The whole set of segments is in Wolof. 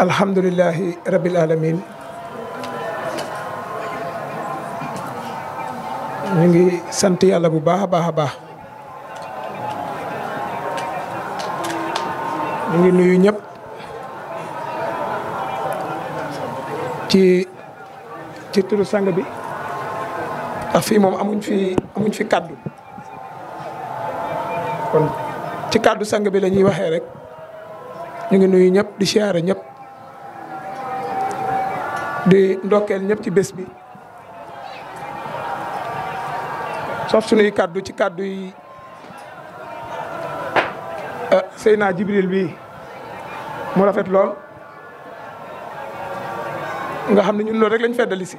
alhamdulillahi rabbil alamin ñu ngi sant yàlla bu baax baax baax ñu ngi nuyu ñëpp ci ci turu sang bi ndax amuñ fi amuñ fi kàddu kon ci kàddu sang bi la ñuy waxee rek ngi nuyu ñëpp di siyaare di ndokel ñep ci bës bi sof suñu kaddu ci kaddu yi ah, Seyna Jibril bi mo rafet lool nga xamni ñun lool rek lañu fédali ci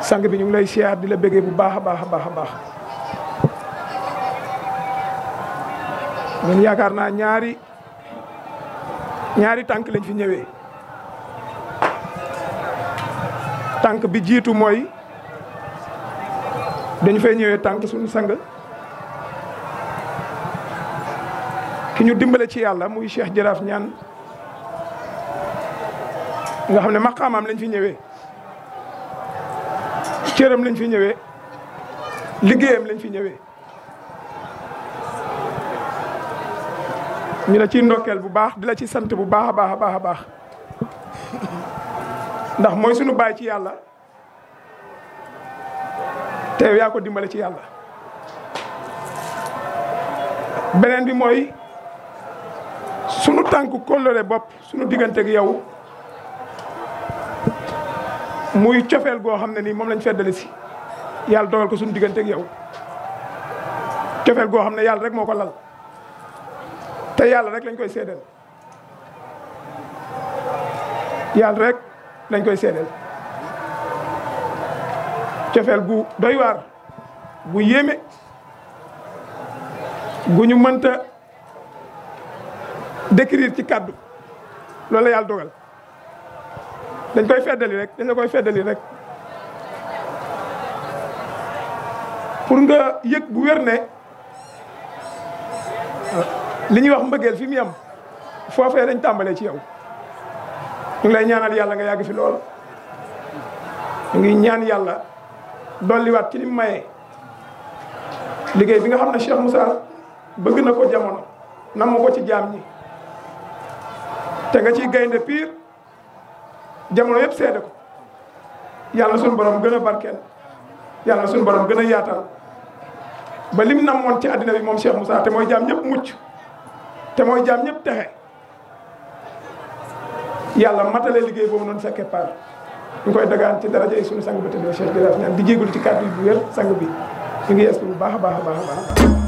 sang bi ñu lay xiar di la bëggee bu baaxa baaxa baaxa baax ñu yaakar na ñaari ñaari tank lañ fi ñëwé tànk bi jiitu mooy dañu fay ñëwee tànk suñu sang ki ñu dimbale ci yàlla muy Cheikh Jaraaf ñaan nga xam ne maqaamaam lañ fi ñëwee cëram lañ fi ñëwee liggéeyam lañ fi ñëwee ñu la ciy ndokkeel bu baax di la ci sant bu baax a baax a baax a baax ndax mooy sunu baay ci yàlla te yaa ko dimbale ci yàlla beneen bi mooy sunu tànk kóllëre bopp sunu diggante ak yow muy cofeel goo xam ne nii moom lañ feddali si yàlla dogal ko sunu diggante ak yow cofeel goo xam ne yàlla rek moo ko lal te yàlla rek lañ koy seedeel yàlla rek lañ koy seedeel cofeel gu doy waar gu yéeme gu ñu mënta décrire ci kàddu loolu la dogal dañ koy feddali rek dañ la koy feddali rek pour nga yëg bu wér ne li ñuy wax mbëggeel fi mu yem foofee dañ tàmbalee ci yow ñu ngi lay ñaanal yàlla nga yàgg fi lool ñu ngi ñaan yàlla dolliwaat ci li maye liggéey bi nga xam ne Cheikh Moussa bëgg na ko jamono namm ko ci jaam ñi te nga ciy gaynde piir jamono yëpp seede ko yàlla suñu borom gën a barkeel yàlla suñu borom gën a yaatal ba lim namoon ci àddina bi moom Cheikh Moussa te mooy jaam ñëpp mucc te mooy jaam ñëpp texe yàlla matale liggéey boobu noonu sa keppaar ñu koy dagaan ci daraja yi suñu sang ba tëddee Cheikh di jégalu ci kàddu yi bu wér sang bi ñu ngi yees baax a baax a baax a baax.